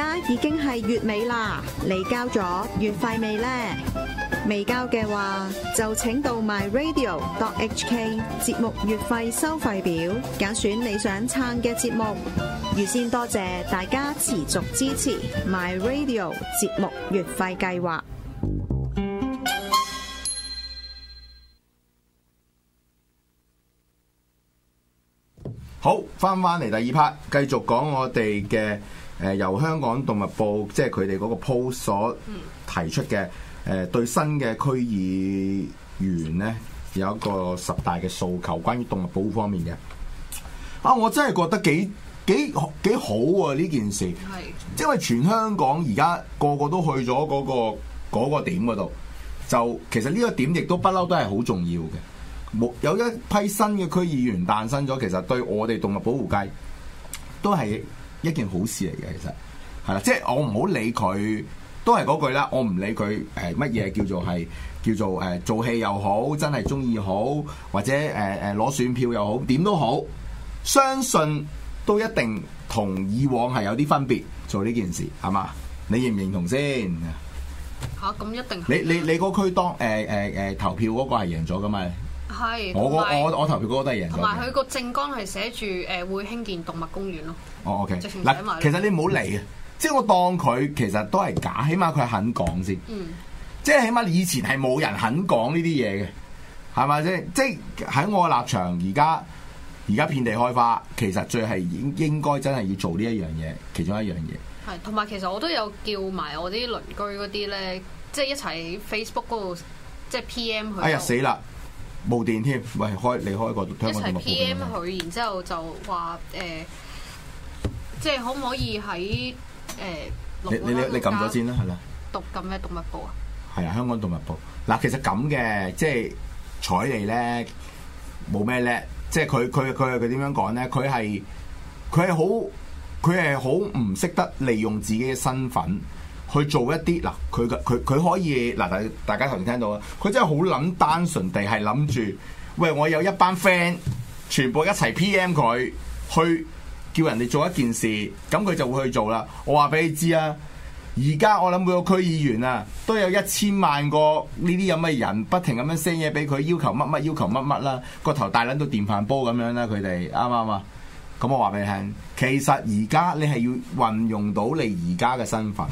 而家已經係月尾啦，你交咗月費未呢？未交嘅話，就請到 myradio.hk 節目月費收費表，揀選你想撐嘅節目。預先多謝大家持續支持 myradio 節目月費計劃。好，翻返嚟第二 part，繼續講我哋嘅。誒由香港動物部，即係佢哋嗰個 post 所提出嘅誒、嗯呃，對新嘅區議員呢，有一個十大嘅訴求，關於動物保護方面嘅。啊，我真係覺得幾幾幾好喎、啊！呢件事，是因為全香港而家個個都去咗嗰、那個嗰、那個、點嗰度，就其實呢個點亦都不嬲都係好重要嘅。冇有一批新嘅區議員誕生咗，其實對我哋動物保護界都係。一件好事嚟嘅，其實係啦，即係我唔好理佢，都係嗰句啦。我唔理佢誒乜嘢叫做係叫做誒、呃、做戲又好，真係中意好，或者誒誒攞選票又好，點都好，相信都一定同以往係有啲分別做呢件事，係嘛？你認唔認同先？嚇、啊！咁一定係。你你你嗰區當誒誒、呃呃呃、投票嗰個係贏咗噶嘛？係，我投票嗰個都係贏。同埋佢個政綱係寫住誒會興建動物公園咯。哦，OK。嗱，其實你唔好嚟啊，嗯，即係我當佢其實都係假，起碼佢肯講先。嗯。即係起碼以前係冇人肯講呢啲嘢嘅，係咪先？即係喺我嘅立場，而家而家遍地開花，其實最係應應該真係要做呢一樣嘢，其中一樣嘢。係，同埋其實我都有叫埋我啲鄰居嗰啲咧，即係一齊 Facebook 嗰度即係 PM 佢。哎呀，死啦！冇電添，喂，開你開個香港動物 P. M. 佢，然之後就話誒、呃，即係可唔可以喺誒？你你你你撳咗先啦，係啦。讀撳咩？讀動物部？啊？係啊，香港動物部。嗱，其實咁嘅，即係彩嚟咧，冇咩叻。即係佢佢佢佢點樣講咧？佢係佢係好佢係好唔識得利用自己嘅身份。去做一啲嗱，佢佢佢可以嗱，大大家頭先聽到啊，佢真係好撚單純地係諗住，喂，我有一班 friend 全部一齊 PM 佢去叫人哋做一件事，咁佢就會去做啦。我話俾你知啊，而家我諗每個區議員啊，都有一千萬個呢啲咁嘅人不停咁樣 send 嘢俾佢，要求乜乜要求乜乜啦，個頭大撚到電飯煲咁樣啦。佢哋啱唔啱啊？咁我話俾你聽，其實而家你係要運用到你而家嘅身份。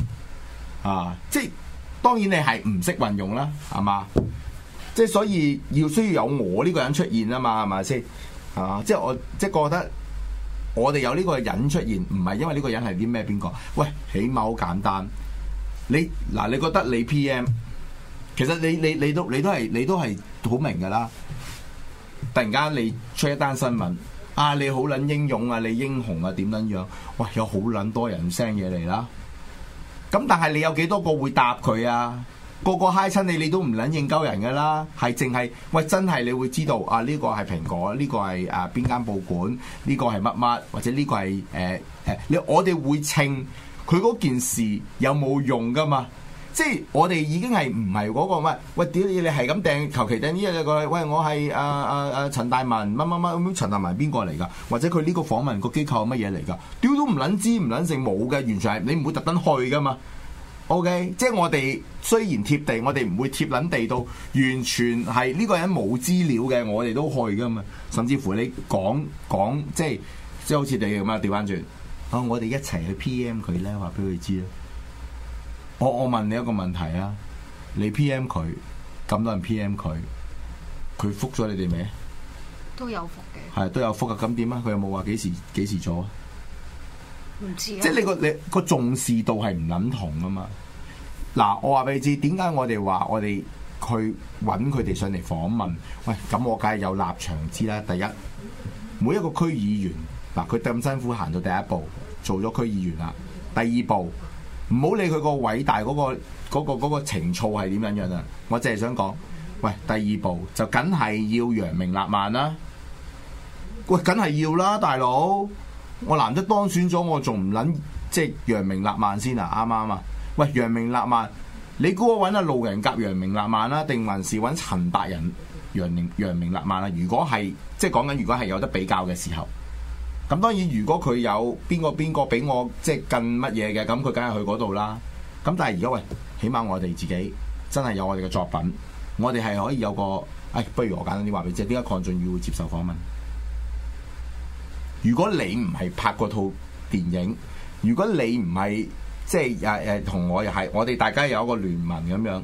啊！即係當然你係唔識運用啦，係嘛？即係所以要需要有我呢個人出現啊嘛，係咪先？啊！即係我即係覺得我哋有呢個人出現，唔係因為呢個人係啲咩邊個？喂，起碼好簡單。你嗱、啊，你覺得你 PM？其實你你你，你都你都係你都係好明噶啦。突然間你出一單新聞，啊你好捻英勇啊，你英雄啊點捻樣？喂，有好捻多人聲嘢嚟啦。咁但係你有幾多個會答佢啊？個個嗨親你，你都唔捻應鳩人噶啦，係淨係喂真係你會知道啊？呢個係蘋果，呢個係啊邊間報館，呢個係乜乜，或者呢個係誒誒，你我哋會稱佢嗰件事有冇用噶嘛？即係我哋已經係唔係嗰個咩？喂屌你！你係咁掟，求其掟呢一過嚟。喂，我係啊啊啊陳大文乜乜乜咁？陳大文邊個嚟㗎？或者佢呢個訪問個機構係乜嘢嚟㗎？屌都唔撚知唔撚性冇嘅，完全係你唔會特登去㗎嘛。OK，即係我哋雖然貼地，我哋唔會貼撚地到，完全係呢、這個人冇資料嘅，我哋都去㗎嘛。甚至乎你講講即係即係好似你咁樣，調翻轉啊，我哋一齊去 PM 佢咧，話俾佢知啊。我我問你一個問題啊，你 PM 佢咁多人 PM 佢，佢覆咗你哋未？都有覆嘅。係都有覆嘅，咁點啊？佢有冇話幾時幾時做啊？唔知啊。即係你個你個重視度係唔撚同啊嘛？嗱，我話俾你知，點解我哋話我哋去揾佢哋上嚟訪問？喂，咁我梗係有立場知啦。第一，每一個區議員嗱，佢咁辛苦行到第一步，做咗區議員啦。第二步。唔好理佢個偉大嗰個嗰個嗰個情操係點樣樣啦，我淨係想講，喂，第二步就梗係要揚名立萬啦。喂，梗係要啦，大佬，我難得當選咗，我仲唔捻即係揚名立萬先啊？啱啱啊？喂，揚名立萬，啊，你估我揾阿路人甲揚名立萬啦，啊，定還是揾陳百人揚名揚名立萬啊？如果係即係講緊，如果係有得比較嘅時候。咁當然，如果佢有邊個邊個俾我即係更乜嘢嘅，咁佢梗係去嗰度啦。咁但係而家，喂，起碼我哋自己真係有我哋嘅作品，我哋係可以有個誒，不如我簡單啲話俾你知，點解鄺俊宇要接受訪問？如果你唔係拍嗰套電影，如果你唔係即係誒誒同我又係，我哋大家有一個聯盟咁樣，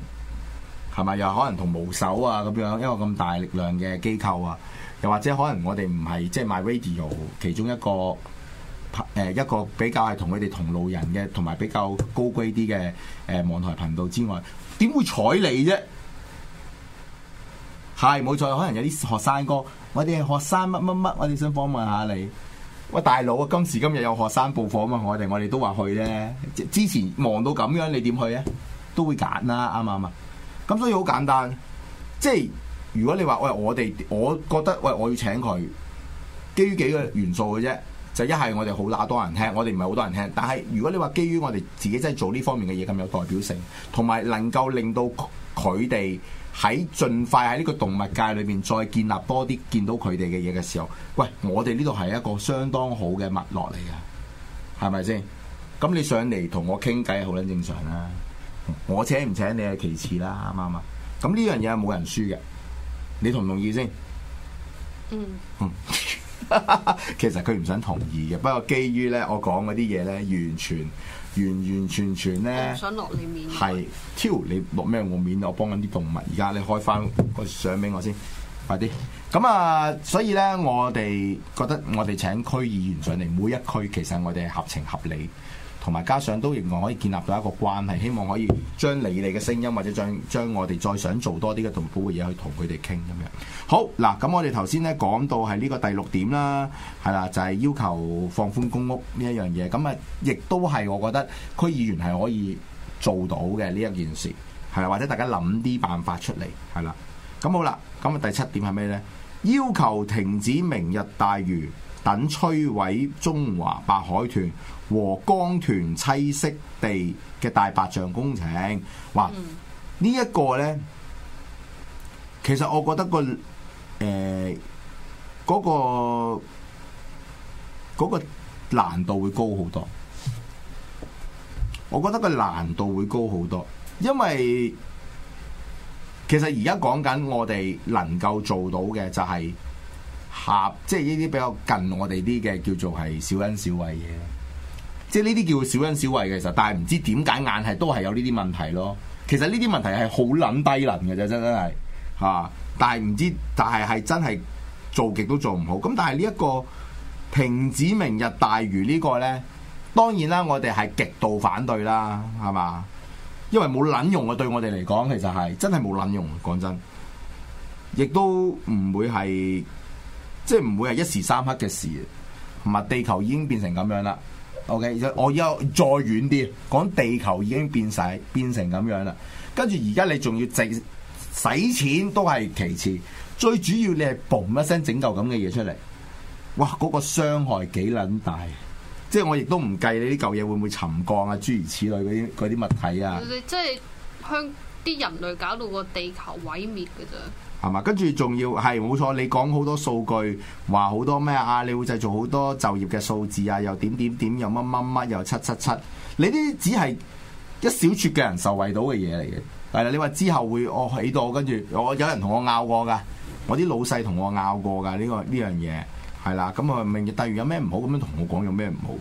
係咪又可能同無手啊咁樣一個咁大力量嘅機構啊？又或者可能我哋唔係即係 MyRadio 其中一個誒、呃、一個比較係同佢哋同路人嘅，同埋比較高貴啲嘅誒，網、呃、台頻道之外，點會睬你啫？係冇錯，可能有啲學生哥，我哋係學生乜乜乜，我哋想訪問下你。喂，大佬啊，今時今日有學生報考嘛？我哋我哋都話去咧。之前忙到咁樣，你點去啊？都會揀啦、啊，啱嘛啱嘛。咁所以好簡單，即係。如果你話喂我哋我覺得喂我要請佢，基於幾個元素嘅啫，就一係我哋好乸多人聽，我哋唔係好多人聽。但係如果你話基於我哋自己真係做呢方面嘅嘢，咁有代表性，同埋能夠令到佢哋喺盡快喺呢個動物界裏面再建立多啲見到佢哋嘅嘢嘅時候，喂，我哋呢度係一個相當好嘅脈絡嚟啊，係咪先？咁你上嚟同我傾偈好捻正常啦，我請唔請你係其次啦，啱唔啱啊？咁呢樣嘢係冇人輸嘅。你同唔同意先？嗯嗯， 其實佢唔想同意嘅，不過基於咧，我講嗰啲嘢咧，完全完完全全咧，想落你面係挑你落咩我面，我幫緊啲動物。而家你開翻個相俾我先，快啲。咁啊，所以咧，我哋覺得我哋請區議員上嚟，每一區其實我哋係合情合理。同埋加上都仍然可以建立到一個關係，希望可以將你哋嘅聲音或者將將，將我哋再想做多啲嘅同鋪嘅嘢，去同佢哋傾。咁樣好嗱，咁我哋頭先咧講到係呢個第六點啦，係啦，就係、是，要求放寬公屋呢一樣嘢。咁啊，亦都係我覺得區議員係可以做到嘅呢一件事，係啦，或者大家諗啲辦法出嚟，係啦。咁好啦，咁啊第七點係咩呢？要求停止明日大嶼。等摧毀中華白海豚和江豚棲息地嘅大白象工程，哇！嗯、呢一個呢，其實我覺得個、誒、嗰個、呃、嗰個難度會高好多。我覺得個難度會高好多，因為其實而家講緊我哋能夠做到嘅就係、是。吓，即係呢啲比較近我哋啲嘅，叫做係小恩小惠嘢，即係呢啲叫小恩小惠嘅實，但係唔知點解硬係都係有呢啲問題咯。其實呢啲問題係好撚低能嘅啫，真真係吓。但係唔知，但係係真係做極都做唔好。咁但係呢一個停止明日大嶼呢個呢，當然啦，我哋係極度反對啦，係嘛？因為冇撚用嘅，對我哋嚟講，其實係真係冇撚用，講真，亦都唔會係。即係唔會係一時三刻嘅事，同埋地球已經變成咁樣啦。OK，我以後再遠啲，講地球已經變細，變成咁樣啦。跟住而家你仲要淨使錢都係其次，最主要你係嘣一聲整嚿咁嘅嘢出嚟。哇！嗰、嗰個傷害幾撚大？即係我亦都唔計你啲舊嘢會唔會沉降啊，諸如此類嗰啲嗰啲物體啊。你即係將啲人類搞到個地球毀滅嘅咋。係嘛？跟住仲要係冇錯，你講好多數據，話好多咩啊？你會製造好多就業嘅數字啊，又點點點，又乜乜乜，又七七七。你啲只係一小撮嘅人受惠到嘅嘢嚟嘅。係啦，你話之後會我、哦、起到，跟住我、哦、有人同我拗過㗎，我啲老細同我拗過㗎。呢、呢個呢樣嘢係啦，咁啊明日例如有咩唔好，咁樣同我講有咩唔好。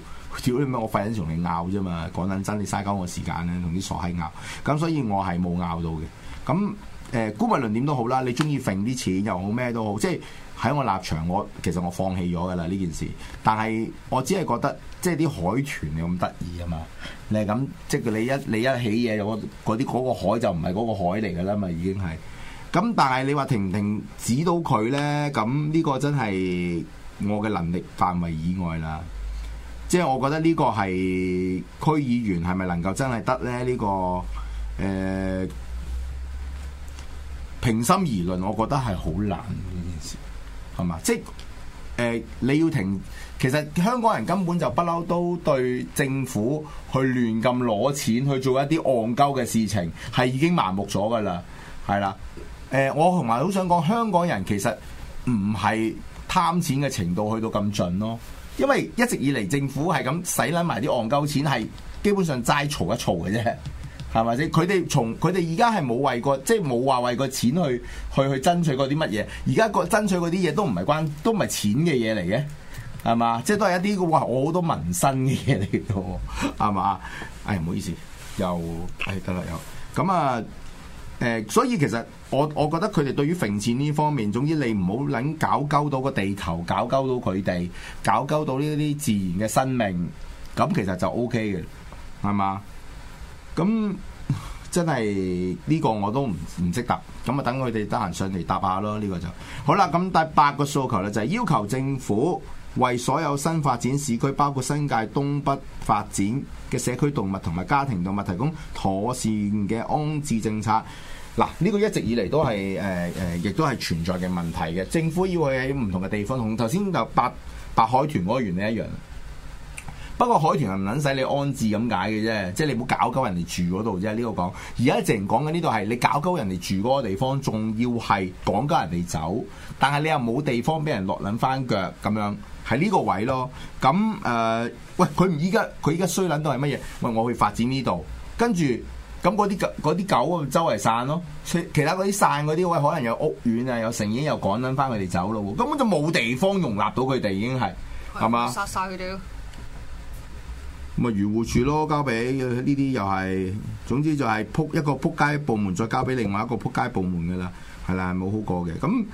屌你咪我費緊同你拗啫嘛，講緊真你嘥鳩我時間啦，同啲傻閪拗。咁所以我係冇拗到嘅。咁誒沽物論點都好啦，你中意揈啲錢又好咩都好，即係喺我立場我，我其實我放棄咗噶啦呢件事。但係我只係覺得，即係啲海豚你咁得意啊嘛，你係咁即係你一你一起嘢，我嗰啲嗰個海就唔係嗰個海嚟噶啦嘛，已經係。咁但係你話停唔停指到佢呢？咁呢個真係我嘅能力範圍以外啦。即係我覺得呢個係區議員係咪能夠真係得呢？呢、呢個誒？呃平心而論，我覺得係好難呢件事，係嘛？即、呃、你要停，其實香港人根本就不嬲都對政府去亂咁攞錢去做一啲戇鳩嘅事情，係已經麻木咗㗎啦，係啦、呃。我同埋好想講，香港人其實唔係貪錢嘅程度去到咁盡咯，因為一直以嚟政府係咁使，捻埋啲戇鳩錢，係基本上齋嘈一嘈嘅啫。係咪先？佢哋從佢哋而家係冇為過，即係冇話為過錢去去去爭取過啲乜嘢。而家個爭取嗰啲嘢都唔係關，都唔係錢嘅嘢嚟嘅，係嘛？即係都係一啲哇，我好多民生嘅嘢嚟嘅，係嘛？ 唉、哎，唔好意思，又係得啦，又咁啊誒。所以其實我我覺得佢哋對於揈錢呢方面，總之你唔好撚搞鳩到個地球，搞鳩到佢哋，搞鳩到呢啲自然嘅生命，咁其實就 O K 嘅，係嘛？咁真係呢個我都唔唔識答，咁啊等佢哋得閒上嚟答下咯。呢個就好啦。咁第八個訴求呢，就係要求政府為所有新發展市區，包括新界東北發展嘅社區動物同埋家庭動物提供妥善嘅安置政策。嗱，呢個一直以嚟都係誒誒，亦都係存在嘅問題嘅。政府要佢喺唔同嘅地方，同頭先就白白海豚嗰個原理一樣。不過海豚係唔撚使你安置咁解嘅啫，即係你唔好搞鳩人哋住嗰度啫。呢、呢個講而家成講緊呢度係你搞鳩人哋住嗰個地方，仲要係趕鳩人哋走，但係你又冇地方俾人落撚翻腳咁樣，喺呢個位咯。咁誒、呃，喂，佢唔依家佢依家衰撚到係乜嘢？喂，我去發展呢度，跟住咁嗰啲嗰啲狗啊周圍散咯，其他嗰啲散嗰啲喂，可能有屋苑啊，有成已經又趕撚翻佢哋走咯，根本就冇地方容納到佢哋，已經係係嘛？是吧殺曬佢哋咯！咪漁護署咯，交俾呢啲又係，總之就係仆一個仆街部門，再交俾另外一個仆街部門嘅啦，係啦，冇好過嘅。咁、嗯、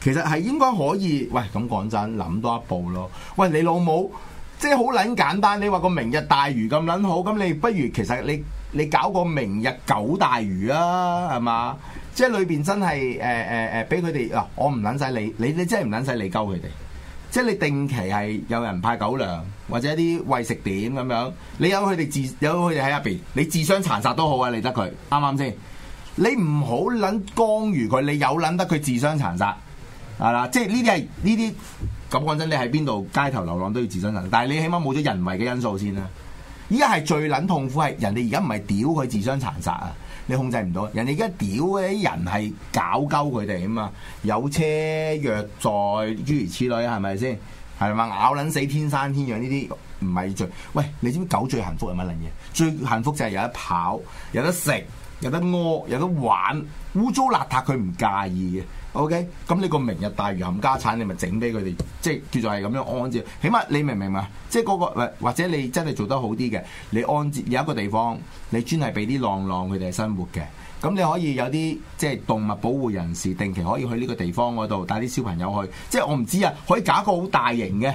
其實係應該可以，喂，咁講真，諗多一步咯。喂，你老母，即係好撚簡單，你話個明日大嶼咁撚好，咁你不如其實你你搞個明日九大嶼啊，係嘛？即係裏邊真係誒誒誒，俾佢哋啊，我唔撚使你，你你真係唔撚使你救佢哋。即係你定期係有人派狗糧或者啲餵食點咁樣，你有佢哋自有佢哋喺入邊，你自相殘殺都好啊，理得佢，啱啱先？你唔好撚干預佢，你有撚得佢自相殘殺，係啦。即係呢啲係呢啲咁講真，你喺邊度街頭流浪都要自相殘殺，但係你起碼冇咗人為嘅因素先啦。依家係最撚痛苦係人哋而家唔係屌佢自相殘殺啊！你控制唔到，人哋而家屌嗰啲人係搞鳩佢哋啊嘛，有車約在，諸如此類，係咪先？係嘛，咬撚死，天生天養，呢啲唔係罪。喂，你知唔知狗最幸福係乜撚嘢？最幸福就係有得跑，有得食，有得屙，有得玩，污糟邋遢佢唔介意嘅。O K，咁你個明日大嶼冚家產，你咪整俾佢哋，即係叫做係咁樣安置。起碼你明唔明啊？即係嗰個，或者你真係做得好啲嘅，你安置有一個地方，你專係俾啲浪浪佢哋生活嘅。咁你可以有啲即係動物保護人士定期可以去呢個地方嗰度，帶啲小朋友去。即係我唔知啊，可以搞一個好大型嘅，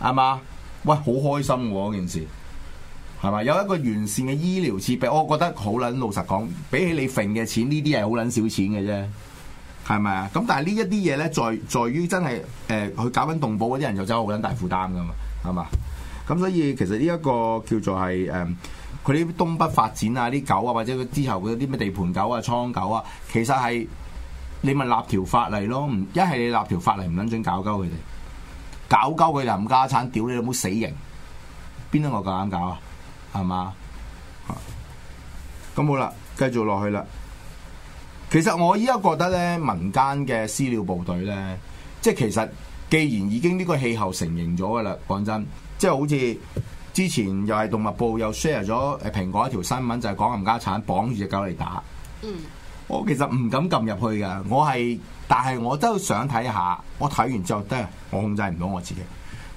係嘛？喂，好開心喎！件事係嘛？有一個完善嘅醫療設備，我覺得好撚。老實講，比起你揈嘅錢，呢啲係好撚少錢嘅啫。係咪啊？咁但係呢一啲嘢咧，在在於真係誒，佢、呃、搞緊動保嗰啲人又真係好撚大負擔噶嘛，係嘛？咁所以其實呢一個叫做係誒，佢、呃、啲東北發展啊，啲狗啊，或者佢之後嗰啲咩地盤狗啊、倉狗啊，其實係你咪立條法例咯，唔一係你立條法例唔撚准搞鳩佢哋，搞鳩佢又唔家產，屌你老母死刑，邊得我夠膽搞啊？係嘛？嚇、嗯，咁好啦，繼續落去啦。其實我依家覺得咧，民間嘅私了部隊咧，即係其實既然已經呢個氣候成形咗噶啦，講真，即係好似之前又係動物部又 share 咗誒蘋果一條新聞，就係講冚家鏟綁住隻狗嚟打。嗯。我其實唔敢撳入去噶，我係，但係我都想睇下。我睇完之後，咧我控制唔到我自己，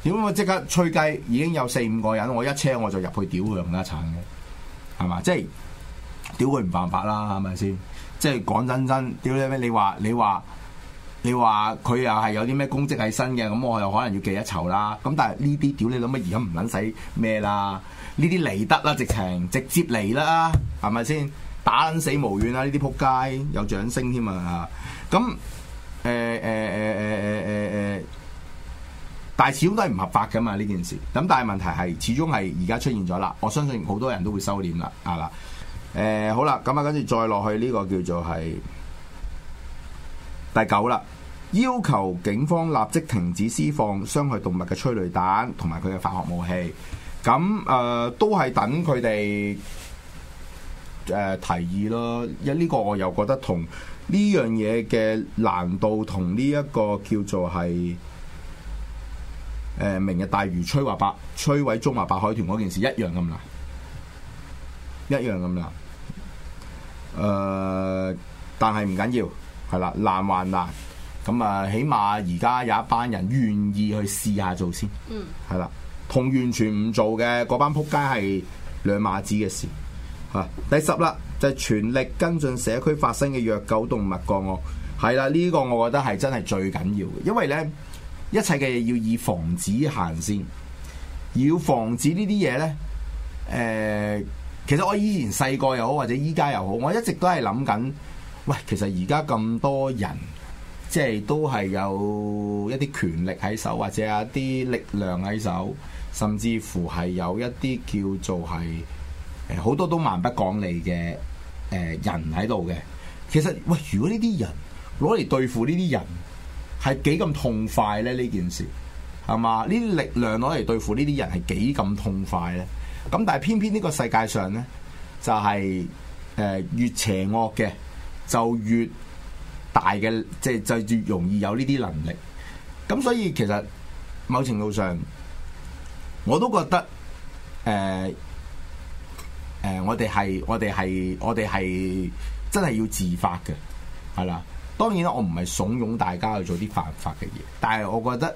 如果我即刻吹雞已經有四五個人，我一車我就入去屌佢冚家鏟嘅，係嘛？即係屌佢唔犯法啦，係咪先？即係講真真，屌你咩？你話你話你話佢又係有啲咩公職喺身嘅，咁我又可能要記一籌啦。咁但係呢啲屌你諗乜而家唔撚使咩啦？呢啲嚟得啦，直情直接嚟啦，係咪先？打撚死無怨啦，呢啲仆街有掌聲添啊！咁誒誒誒誒誒誒誒，但係始終都係唔合法噶嘛呢件事。咁但係問題係，始終係而家出現咗啦。我相信好多人都會收斂啦，係啦。誒、嗯，好啦，咁啊，跟住再落去呢個叫做係第九啦，要求警方立即停止施放傷害動物嘅催淚彈同埋佢嘅化學武器。咁誒、呃，都係等佢哋誒提議咯。因、這、呢個我又覺得同呢樣嘢嘅難度同呢一個叫做係誒、呃，明日大嶼吹華白、摧毀中華白海豚嗰件事一樣咁難，一樣咁難。誒，但係唔緊要，係啦，難還難，咁啊，起碼而家有一班人願意去試下做先，嗯，係啦，同完全唔做嘅嗰班撲街係兩碼子嘅事，吓。第十啦，就係全力跟進社區發生嘅虐狗動物個案，係啦，呢個我覺得係真係最緊要嘅，因為呢，一切嘅嘢要以防止行先，要防止呢啲嘢呢。誒。其實我以前細個又好，或者依家又好，我一直都係諗緊。喂，其實而家咁多人，即係都係有一啲權力喺手，或者有一啲力量喺手，甚至乎係有一啲叫做係好多都蠻不講理嘅人喺度嘅。其實喂，如果呢啲人攞嚟對付呢啲人，係幾咁痛快呢？呢件事係嘛？呢啲力量攞嚟對付呢啲人，係幾咁痛快呢？咁但係偏偏呢個世界上呢，就係、是、誒、呃、越邪惡嘅就越大嘅，即係就越容易有呢啲能力。咁所以其實某程度上我都覺得誒誒、呃呃，我哋係我哋係我哋係真係要自發嘅係啦。當然啦，我唔係慫恿大家去做啲犯法嘅嘢，但係我覺得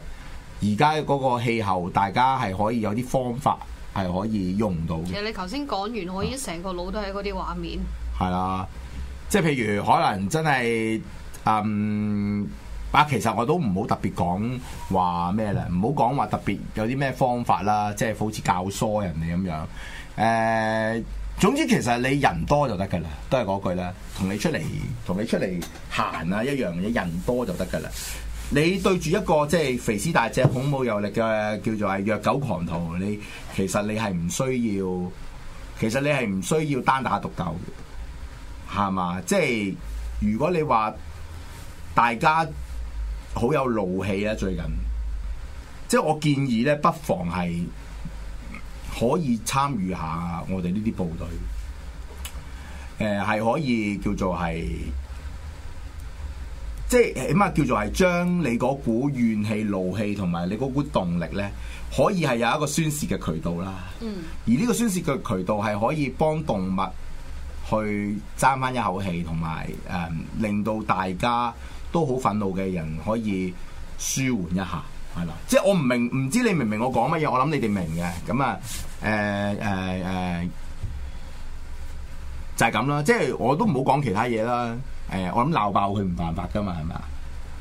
而家嘅嗰個氣候，大家係可以有啲方法。係可以用到嘅。其實你頭先講完，我已經成個腦都喺嗰啲畫面。係啦，即係譬如可能真係嗯啊，其實我都唔好特別講話咩啦，唔好講話特別有啲咩方法啦，即係好似教唆人哋咁樣。誒、呃，總之其實你人多就得㗎啦，都係嗰句啦。同你出嚟，同你出嚟行啊一樣嘢，人多就得㗎啦。你對住一個即係肥屍大隻、恐怖有力嘅叫做係虐狗狂徒，你其實你係唔需要，其實你係唔需要單打獨鬥嘅，係嘛？即係如果你話大家好有怒氣咧、啊，最近即係我建議咧，不妨係可以參與下我哋呢啲部隊，誒、呃、係可以叫做係。即係起碼叫做係將你嗰股怨氣、怒氣同埋你嗰股動力咧，可以係有一個宣泄嘅渠道啦。嗯。而呢個宣泄嘅渠道係可以幫動物去爭返一口氣，同埋誒令到大家都好憤怒嘅人可以舒緩一下。係、呃呃呃就係、啦。即係我唔明，唔知你明唔明我講乜嘢？我諗你哋明嘅。咁啊，誒誒誒，就係咁啦。即係我都唔好講其他嘢啦。誒，我諗鬧爆佢唔犯法噶嘛，係咪啊？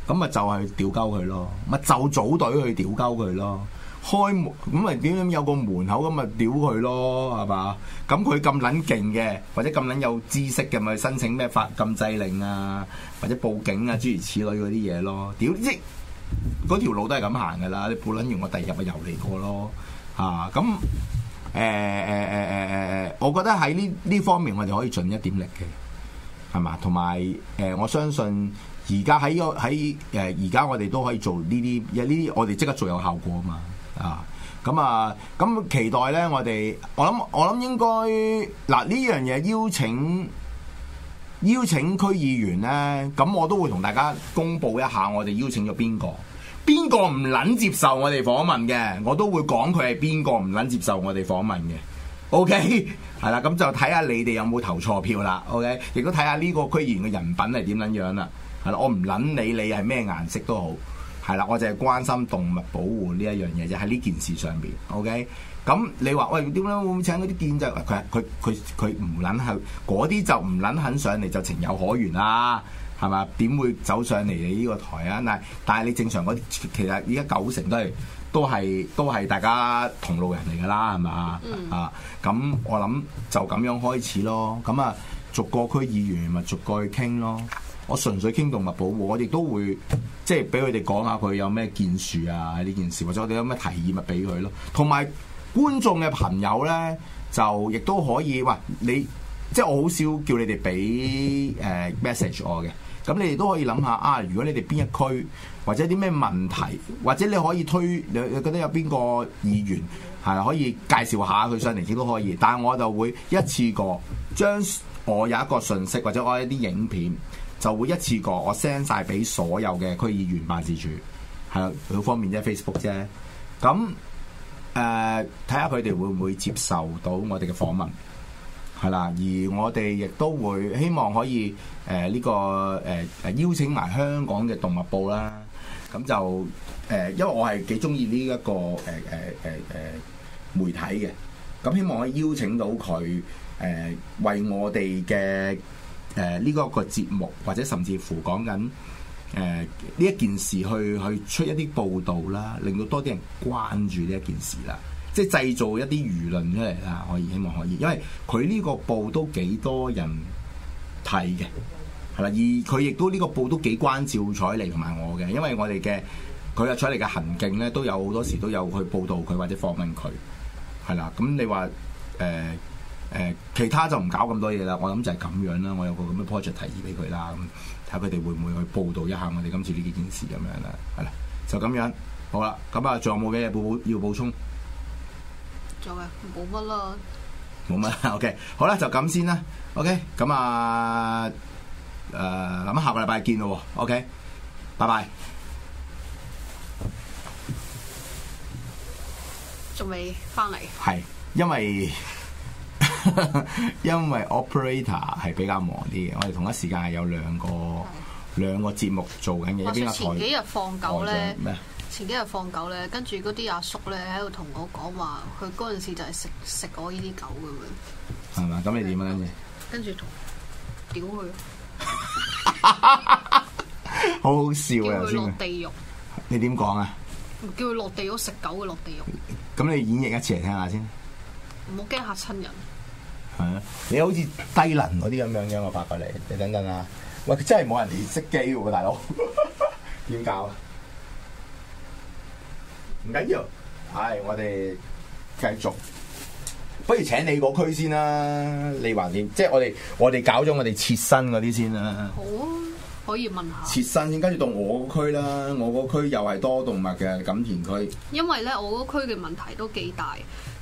咁咪就係屌鳩佢咯，咪就組隊去屌鳩佢咯，開門咁咪點樣有個門口咁咪屌佢咯，係嘛？咁佢咁撚勁嘅，或者咁撚有知識嘅，咪申請咩法禁制令啊，或者報警啊，諸如此類嗰啲嘢咯，屌即嗰條路都係咁行噶啦，你報撚完我第二日咪又嚟過咯，嚇咁誒誒誒誒誒誒，我覺得喺呢呢方面我哋可以盡一點力嘅。係嘛？同埋誒，我相信而家喺喺誒，而家、呃、我哋都可以做呢啲有呢啲，我哋即刻做有效果啊嘛！啊，咁啊，咁、啊、期待呢，我哋我諗我諗應該嗱呢樣嘢邀請邀請區議員呢，咁我都會同大家公佈一下，我哋邀請咗邊個，邊個唔撚接受我哋訪問嘅，我都會講佢係邊個唔撚接受我哋訪問嘅。O K，係啦，咁、okay? 就睇下你哋有冇投錯票啦。O、okay? K，亦都睇下呢個區議員嘅人品係點撚樣啦。係啦，我唔撚理你，你係咩顏色都好，係啦，我淨係關心動物保護呢一樣嘢啫。喺呢件事上邊，O K，咁你話喂點樣會,會請嗰啲建制？佢佢佢佢唔撚肯，嗰啲就唔撚肯上嚟就情有可原啦。係嘛？點會走上嚟你呢個台啊？嗱，但係你正常我其實依家九成都係。都係都係大家同路人嚟㗎啦，係咪？嗯、啊？咁我諗就咁樣開始咯。咁啊，逐個區議員咪逐個去傾咯。我純粹傾動物保護，我亦都會即係俾佢哋講下佢有咩建樹啊，呢件事，或者我哋有咩提議咪俾佢咯。同埋觀眾嘅朋友咧，就亦都可以。喂，你即係我好少叫你哋俾誒 message 我嘅。咁、嗯、你哋都可以諗下啊！如果你哋邊一區或者啲咩問題，或者你可以推你你覺得有邊個議員係可以介紹下佢上嚟，亦都可以。但係我就會一次過將我有一個訊息或者我一啲影片，就會一次過我 send 晒俾所有嘅區議員辦事處，係啦，好方便啫，Facebook 啫。咁、就、誒、是，睇下佢哋會唔會接受到我哋嘅訪問。係啦，而我哋亦都會希望可以誒呢個誒誒邀請埋香港嘅動物報啦，咁就誒，因為我係幾中意呢一個誒誒誒誒媒體嘅，咁希望可以邀請到佢誒為我哋嘅誒呢一個個節目，或者甚至乎講緊誒呢一件事，去去出一啲報導啦，令到多啲人關注呢一件事啦。即係製造一啲輿論出嚟啦，可以希望可以，因為佢呢個報都幾多人睇嘅，係啦，而佢亦都呢個報都幾關照彩嚟同埋我嘅，因為我哋嘅佢阿彩嚟嘅行徑咧都有好多時都有去報導佢或者訪問佢，係啦。咁你話誒，誒，其他就唔搞咁多嘢啦。我諗就係咁樣啦。我有個咁嘅 project 提議俾佢啦，咁睇佢哋會唔會去報導一下我哋今次呢幾件事咁樣啦。係啦，就咁樣，好啦。咁啊，仲有冇嘅嘢補要補充？冇乜啦，冇乜，OK，好啦，就咁先啦，OK，咁啊，誒，諗，下個禮拜見咯，OK，拜拜。仲未翻嚟？係因為因為 operator 係比較忙啲嘅，我哋同一時間係有兩個兩個節目做緊嘅，前幾日放狗咧咩？前幾日放狗咧，跟住嗰啲阿叔咧喺度同我講話，佢嗰陣時就係食食我呢啲狗咁嘅。係嘛？咁你點樣？跟住，跟住，屌佢！好好笑啊的！落地獄。你點講啊？叫佢落地獄食狗，嘅落地獄。咁 你演繹一次嚟聽下先。唔好驚吓親人。係啊，你好似低能嗰啲咁樣樣啊！八百嚟，你等等啊！喂，真係冇人哋識機喎，大佬，點搞？啊？唔緊要，係我哋繼續。不如請你個區先啦，你話掂？即係我哋，我哋搞咗我哋切身嗰啲先啦。好、啊，可以問下。切身先，跟住到我個區啦。我個區又係多動物嘅錦田區。因為咧，我個區嘅問題都幾大，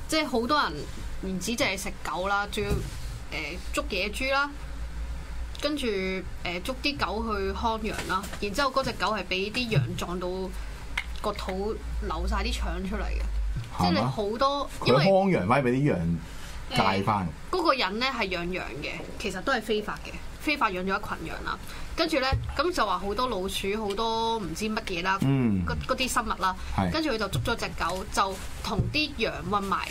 即係好多人唔止淨係食狗啦，仲要誒、呃、捉野豬啦，跟住誒捉啲狗去看羊啦，然之後嗰隻狗係俾啲羊撞到。個肚扭晒啲腸出嚟嘅，即係好多。因佢放羊，喂俾啲羊戒翻。嗰個人咧係養羊嘅，其實都係非法嘅，非法養咗一群羊啦。跟住咧，咁就話好多老鼠，好多唔知乜嘢啦。嗰啲、嗯、生物啦，跟住佢就捉咗隻狗，就同啲羊混埋。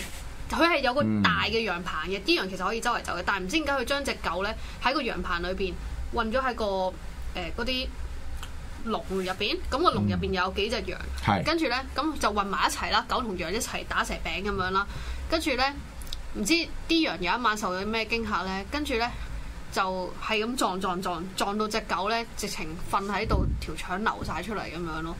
佢係有個大嘅羊棚嘅，啲、嗯、羊其實可以周圍走嘅，但係唔知點解佢將隻狗咧喺個羊棚裏邊混咗喺個誒嗰啲。呃籠入邊，咁個籠入邊有幾隻羊，嗯、跟住咧，咁就混埋一齊啦，狗同羊一齊打蛇餅咁樣啦，跟住咧，唔知啲羊有一晚受咗咩驚嚇咧，跟住咧就係咁撞撞撞撞到隻狗咧，直情瞓喺度條腸流晒出嚟咁樣咯，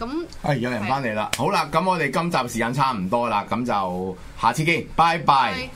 咁，誒、哎、有人翻嚟啦， 好啦，咁我哋今集時間差唔多啦，咁就下次見，拜拜。